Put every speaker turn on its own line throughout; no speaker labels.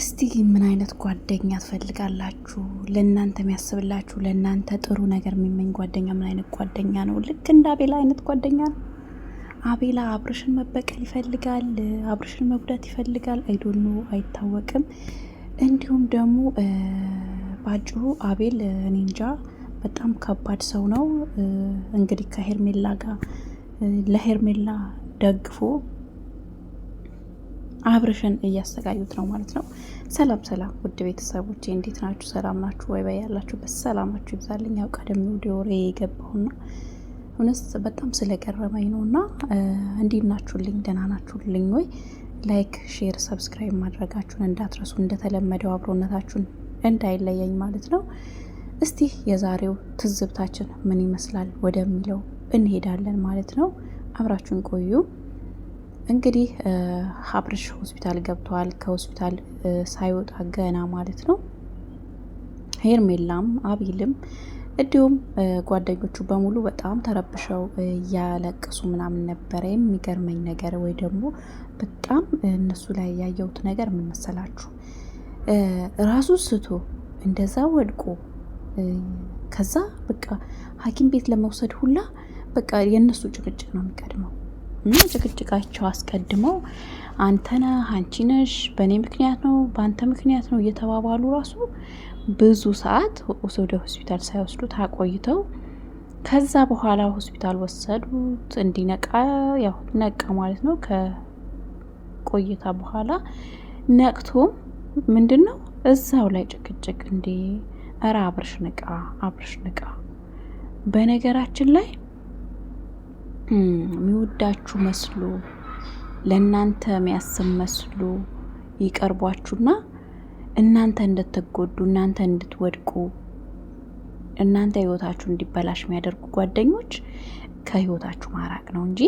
እስቲ ምን አይነት ጓደኛ ትፈልጋላችሁ? ለእናንተ የሚያስብላችሁ ለእናንተ ጥሩ ነገር የሚመኝ ጓደኛ ምን አይነት ጓደኛ ነው? ልክ እንደ አቤላ አይነት ጓደኛ ነው። አቤላ አብርሽን መበቀል ይፈልጋል፣ አብርሽን መጉዳት ይፈልጋል። አይዶኖ አይታወቅም። እንዲሁም ደግሞ ባጭሩ አቤል እኔ እንጃ በጣም ከባድ ሰው ነው። እንግዲህ ከሄርሜላ ጋር ለሄርሜላ ደግፎ አብርሽን እያሰቃዩት ነው ማለት ነው። ሰላም ሰላም፣ ውድ ቤተሰቦቼ እንዴት ናችሁ? ሰላም ናችሁ ወይ? በይ ያላችሁበት ሰላማችሁ ይብዛልኝ። ያው ቀደም ወደ ወሬ የገባሁና እውነት በጣም ስለገረመኝ ነው እና እንዴት ናችሁልኝ? ደህና ናችሁልኝ ወይ? ላይክ፣ ሼር፣ ሰብስክራይብ ማድረጋችሁን እንዳትረሱ፣ እንደተለመደው አብሮነታችሁን እንዳይለየኝ ማለት ነው። እስቲ የዛሬው ትዝብታችን ምን ይመስላል ወደሚለው እንሄዳለን ማለት ነው። አብራችሁን ቆዩ። እንግዲህ ሀብርሽ ሆስፒታል ገብተዋል። ከሆስፒታል ሳይወጣ ገና ማለት ነው ሄርሜላም አቢልም እንዲሁም ጓደኞቹ በሙሉ በጣም ተረብሸው እያለቀሱ ምናምን ነበረ። የሚገርመኝ ነገር ወይ ደግሞ በጣም እነሱ ላይ ያየሁት ነገር ምን መሰላችሁ? ራሱ ስቶ እንደዛ ወድቆ ከዛ በቃ ሐኪም ቤት ለመውሰድ ሁላ በቃ የእነሱ ጭቅጭቅ ነው የሚቀድመው። እና ጭቅጭቃቸው አስቀድመው አንተነ አንቺ ነሽ፣ በእኔ ምክንያት ነው፣ በአንተ ምክንያት ነው እየተባባሉ ራሱ ብዙ ሰዓት ወደ ሆስፒታል ሳይወስዱት አቆይተው ከዛ በኋላ ሆስፒታል ወሰዱት። እንዲነቃ ያው ነቃ ማለት ነው። ከቆይታ በኋላ ነቅቶም ምንድን ነው እዛው ላይ ጭቅጭቅ እንዴ! እረ አብርሽ ንቃ፣ አብርሽ ንቃ። በነገራችን ላይ የሚወዳችሁ መስሎ ለእናንተ የሚያስብ መስሎ ይቀርቧችሁና እናንተ እንድትጎዱ እናንተ እንድትወድቁ እናንተ ህይወታችሁ እንዲበላሽ የሚያደርጉ ጓደኞች ከህይወታችሁ ማራቅ ነው እንጂ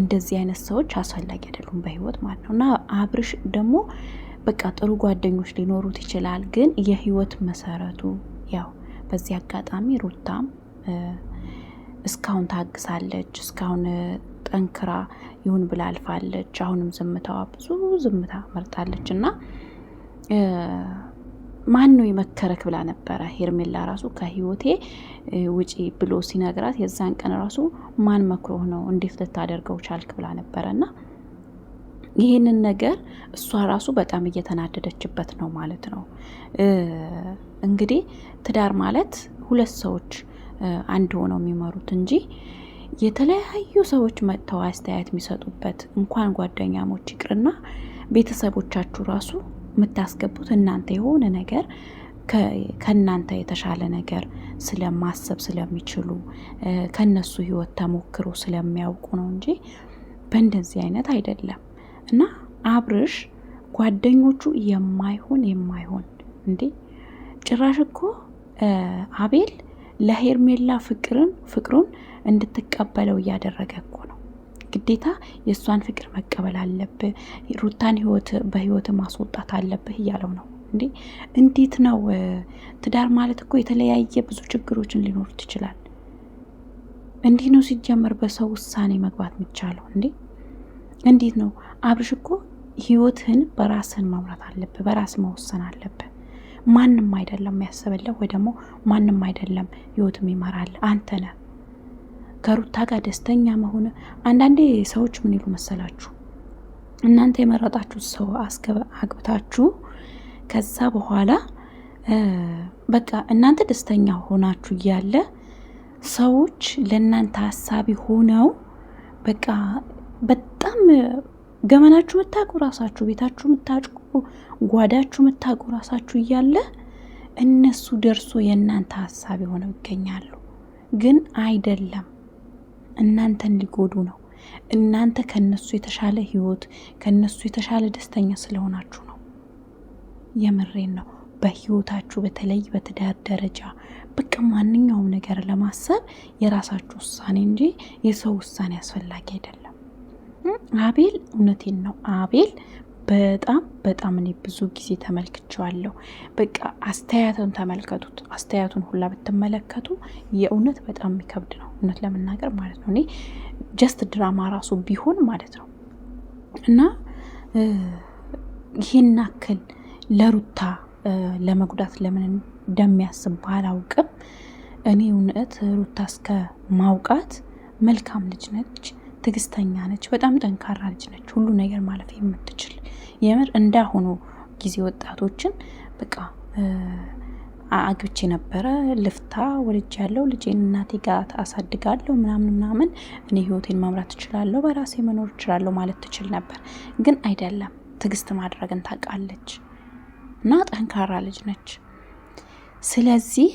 እንደዚህ አይነት ሰዎች አስፈላጊ አይደሉም በህይወት ማለት ነው። እና አብርሽ ደግሞ በቃ ጥሩ ጓደኞች ሊኖሩት ይችላል፣ ግን የህይወት መሰረቱ ያው በዚህ አጋጣሚ ሩታም እስካሁን ታግሳለች፣ እስካሁን ጠንክራ ይሁን ብላ አልፋለች። አሁንም ዝምታዋ ብዙ ዝምታ መርጣለች እና ማን ነው የመከረክ ብላ ነበረ ሄርሜላ ራሱ ከህይወቴ ውጪ ብሎ ሲነግራት የዛን ቀን ራሱ ማን መክሮህ ነው እንዴት ልታደርገው ቻልክ ብላ ነበረ እና ይህንን ነገር እሷ ራሱ በጣም እየተናደደችበት ነው ማለት ነው። እንግዲህ ትዳር ማለት ሁለት ሰዎች አንድ ሆነው የሚመሩት እንጂ የተለያዩ ሰዎች መጥተው አስተያየት የሚሰጡበት እንኳን ጓደኛሞች ይቅርና ቤተሰቦቻችሁ ራሱ የምታስገቡት እናንተ የሆነ ነገር ከእናንተ የተሻለ ነገር ስለማሰብ ስለሚችሉ ከነሱ ህይወት ተሞክሮ ስለሚያውቁ ነው እንጂ በእንደዚህ አይነት አይደለም። እና አብርሽ ጓደኞቹ የማይሆን የማይሆን እንዴ ጭራሽ እኮ አቤል ለሄርሜላ ፍቅርን ፍቅሩን እንድትቀበለው እያደረገ እኮ ነው። ግዴታ የእሷን ፍቅር መቀበል አለብህ፣ ሩታን ህይወት በህይወት ማስወጣት አለብህ እያለው ነው። እንዴ እንዴት ነው ትዳር ማለት እኮ የተለያየ ብዙ ችግሮችን ሊኖሩት ይችላል። እንዲህ ነው ሲጀመር በሰው ውሳኔ መግባት የሚቻለው እንዴ? እንዴት ነው አብርሽ እኮ ህይወትህን በራስህን መምራት አለብህ፣ በራስ መወሰን አለብህ። ማንም አይደለም ያስብልህ ወይ ደግሞ ማንም አይደለም ህይወትም ይመራል አንተ ነህ። ከሩታ ጋር ደስተኛ መሆን አንዳንዴ ሰዎች ምን ይሉ መሰላችሁ እናንተ የመረጣችሁ ሰው አግብታችሁ ከዛ በኋላ በቃ እናንተ ደስተኛ ሆናችሁ እያለ ሰዎች ለእናንተ ሀሳቢ ሆነው በቃ በጣም ገመናችሁ የምታውቁ ራሳችሁ ቤታችሁ የምታውቁ ጓዳችሁ የምታውቁ ራሳችሁ እያለ እነሱ ደርሶ የእናንተ ሀሳብ የሆነው ይገኛሉ። ግን አይደለም፣ እናንተን ሊጎዱ ነው። እናንተ ከነሱ የተሻለ ህይወት ከነሱ የተሻለ ደስተኛ ስለሆናችሁ ነው። የምሬን ነው። በህይወታችሁ በተለይ በትዳር ደረጃ በቃ ማንኛውም ነገር ለማሰብ የራሳችሁ ውሳኔ እንጂ የሰው ውሳኔ አስፈላጊ አይደለም። አቤል እውነቴን ነው። አቤል በጣም በጣም እኔ ብዙ ጊዜ ተመልክቼዋለሁ። በቃ አስተያየቱን ተመልከቱት። አስተያየቱን ሁላ ብትመለከቱ የእውነት በጣም የሚከብድ ነው፣ እውነት ለመናገር ማለት ነው። እኔ ጀስት ድራማ ራሱ ቢሆን ማለት ነው እና ይህን ያክል ለሩታ ለመጉዳት ለምን እንደሚያስብ ባላውቅም እኔ እውነት ሩታ እስከ ማውቃት መልካም ልጅ ነች፣ ትግስተኛ ነች፣ በጣም ጠንካራ ልጅ ነች፣ ሁሉ ነገር ማለፍ የምትችል የምር እንዳሁኑ ጊዜ ወጣቶችን በቃ አግብቼ ነበረ ልፍታ ወልጅ ያለው ልጄን እናቴ ጋር አሳድጋለሁ ምናምን ምናምን እኔ ህይወቴን መምራት እችላለሁ፣ በራሴ መኖር እችላለሁ ማለት ትችል ነበር። ግን አይደለም ትዕግስት ማድረግን ታውቃለች እና ጠንካራ ልጅ ነች። ስለዚህ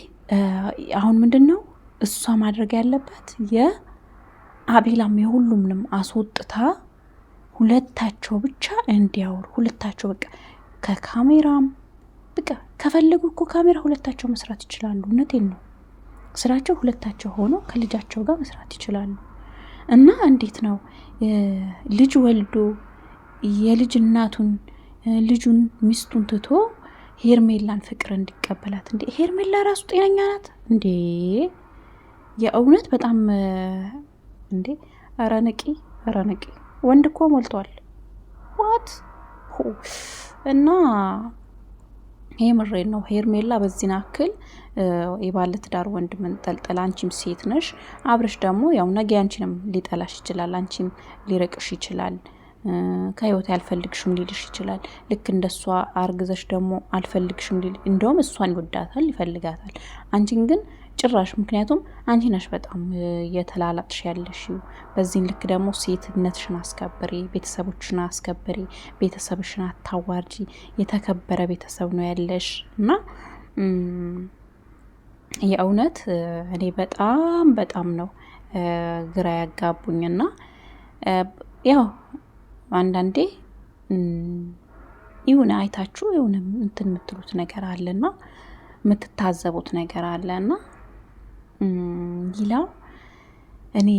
አሁን ምንድን ነው እሷ ማድረግ ያለበት የአቤላም የሁሉምንም አስወጥታ ሁለታቸው ብቻ እንዲያወሩ ሁለታቸው በቃ ከካሜራም በቃ ከፈለጉ እኮ ካሜራ ሁለታቸው መስራት ይችላሉ። እውነቴን ነው። ስራቸው ሁለታቸው ሆነው ከልጃቸው ጋር መስራት ይችላሉ። እና እንዴት ነው ልጅ ወልዶ የልጅ እናቱን ልጁን ሚስቱን ትቶ ሄርሜላን ፍቅር እንዲቀበላት እንዴ? ሄርሜላ ራሱ ጤነኛ ናት እንዴ? የእውነት በጣም እንዴ! ኧረ ንቂ! ኧረ ወንድ እኮ ሞልቷል። ዋት እና ይሄ ምሬን ነው ሄርሜላ በዚህን አክል የባለ ትዳር ወንድ መንጠልጠል፣ አንቺም ሴት ነሽ። አብረሽ ደግሞ ያው ነገ አንቺንም ሊጠላሽ ይችላል፣ አንቺም ሊረቅሽ ይችላል፣ ከህይወት አልፈልግሽም ሊልሽ ይችላል። ልክ እንደ እሷ አርግዘሽ ደግሞ አልፈልግሽም ሊል እንደውም እሷን ይወዳታል፣ ይፈልጋታል። አንቺን ግን ጭራሽ። ምክንያቱም አንቺ ነሽ በጣም የተላላጥሽ ያለሽው። በዚህን ልክ ደግሞ ሴትነትሽን አስከብሪ፣ ቤተሰቦችን አስከብሪ፣ ቤተሰብሽን አታዋርጂ። የተከበረ ቤተሰብ ነው ያለሽ እና የእውነት እኔ በጣም በጣም ነው ግራ ያጋቡኝና ያው አንዳንዴ ይሁን አይታችሁ ይሁን እንትን የምትሉት ነገር አለና የምትታዘቡት ነገር አለና ይላ እኔ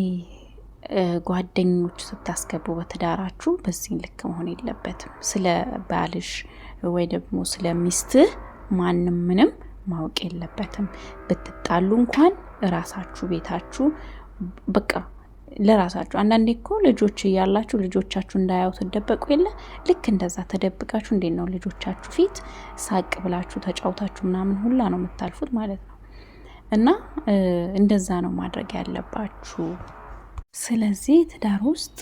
ጓደኞች ስታስገቡ በትዳራችሁ በዚህ ልክ መሆን የለበትም። ስለ ባልሽ ወይ ደግሞ ስለ ሚስትህ ማንም ምንም ማወቅ የለበትም። ብትጣሉ እንኳን ራሳችሁ ቤታችሁ በቃ ለራሳችሁ አንዳንዴ እኮ ልጆች እያላችሁ ልጆቻችሁ እንዳያው ትደበቁ የለ ልክ እንደዛ ተደብቃችሁ እንዴት ነው ልጆቻችሁ ፊት ሳቅ ብላችሁ ተጫውታችሁ ምናምን ሁላ ነው የምታልፉት ማለት ነው። እና እንደዛ ነው ማድረግ ያለባችሁ። ስለዚህ ትዳር ውስጥ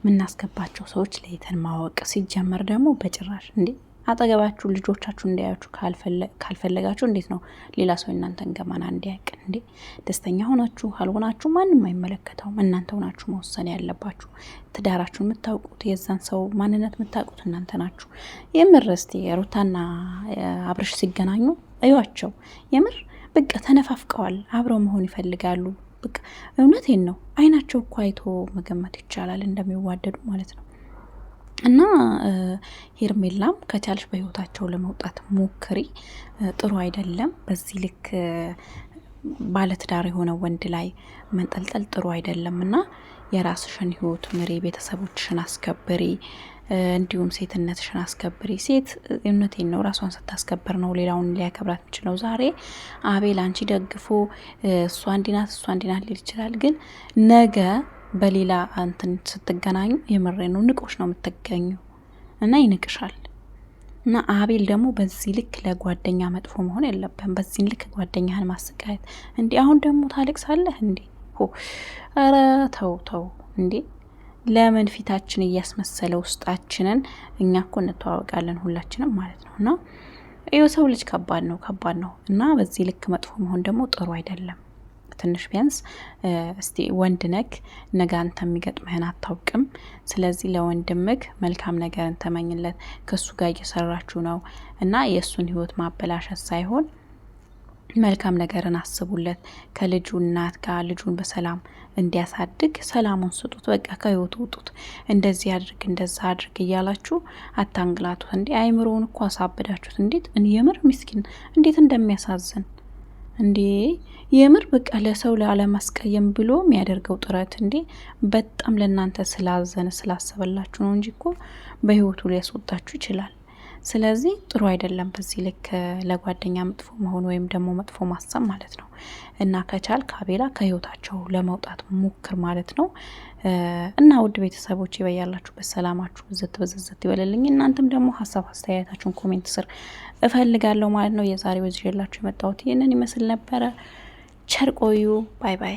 የምናስገባቸው ሰዎች ለይተን ማወቅ ሲጀመር ደግሞ በጭራሽ እንዴ አጠገባችሁ ልጆቻችሁ እንዲያያችሁ ካልፈለጋችሁ እንዴት ነው ሌላ ሰው እናንተን ገመና እንዲያቅ? እንዴ ደስተኛ ሆናችሁ አልሆናችሁ ማንም አይመለከተውም። እናንተ ሆናችሁ መወሰን ያለባችሁ። ትዳራችሁን የምታውቁት የዛን ሰው ማንነት የምታውቁት እናንተ ናችሁ። የምር እስቲ ሩታና አብርሽ ሲገናኙ እዩዋቸው የምር በቃ ተነፋፍቀዋል። አብረው መሆን ይፈልጋሉ። በቃ እውነቴን ነው። አይናቸው እኮ አይቶ መገመት ይቻላል እንደሚዋደዱ ማለት ነው። እና ሄርሜላም ከቻልሽ በህይወታቸው ለመውጣት ሞክሪ፣ ጥሩ አይደለም። በዚህ ልክ ባለትዳር የሆነ ወንድ ላይ መንጠልጠል ጥሩ አይደለም እና የራስሽን ህይወት ምሪ፣ ቤተሰቦችሽን አስከብሪ። እንዲሁም ሴትነትሽን አስከብሪ። ሴት እምነቴን ነው ራሷን ስታስከብር ነው ሌላውን ሊያከብራት የምችለው። ዛሬ አቤል አንቺ ደግፎ እሷ እንዲናት እሷ እንዲናት ሊል ይችላል፣ ግን ነገ በሌላ እንትን ስትገናኙ የምሬ ነው ንቆሽ ነው የምትገኙ እና ይንቅሻል። እና አቤል ደግሞ በዚህ ልክ ለጓደኛ መጥፎ መሆን የለብህም። በዚህ ልክ ጓደኛህን ማሰቃየት እንዲህ አሁን ደግሞ ታለቅሳለህ እንዴ? ኧረ ተው ተው እንዴ! ለምን ፊታችን እያስመሰለ ውስጣችንን እኛ ኮ እንተዋወቃለን ሁላችንም ማለት ነው እና የሰው ልጅ ከባድ ነው ከባድ ነው እና በዚህ ልክ መጥፎ መሆን ደግሞ ጥሩ አይደለም። ትንሽ ቢያንስ እስቲ ወንድ ነክ ነገ አንተ የሚገጥምህን አታውቅም። ስለዚህ ለወንድምክ መልካም ነገርን ተመኝለት። ከሱ ጋር እየሰራችሁ ነው እና የእሱን ህይወት ማበላሸት ሳይሆን መልካም ነገርን አስቡለት። ከልጁ እናት ጋር ልጁን በሰላም እንዲያሳድግ ሰላሙን ስጡት። በቃ ከህይወቱ ውጡት። እንደዚህ አድርግ እንደዛ አድርግ እያላችሁ አታንግላቱት። እንዴ አይምሮውን እኮ አሳብዳችሁት። እንዴት የምር ምስኪን እንዴት እንደሚያሳዝን እንዴ የምር በቃ ለሰው ላለማስቀየም ብሎ የሚያደርገው ጥረት እንዴ በጣም ለእናንተ ስላዘነ ስላሰበላችሁ ነው እንጂ እኮ በህይወቱ ሊያስወጣችሁ ይችላል። ስለዚህ ጥሩ አይደለም። በዚህ ልክ ለጓደኛ መጥፎ መሆን ወይም ደግሞ መጥፎ ማሰብ ማለት ነው እና ከቻል ካቤላ ከህይወታቸው ለመውጣት ሞክር ማለት ነው እና ውድ ቤተሰቦች ይበያላችሁበት ሰላማችሁ ብዝት ብዝዝት ይበልልኝ። እናንተም ደግሞ ሀሳብ አስተያየታችሁን ኮሜንት ስር እፈልጋለሁ ማለት ነው። የዛሬው የላችሁ የመጣሁት ይህንን ይመስል ነበረ። ቸር ቆዩ። ባይ ባይ።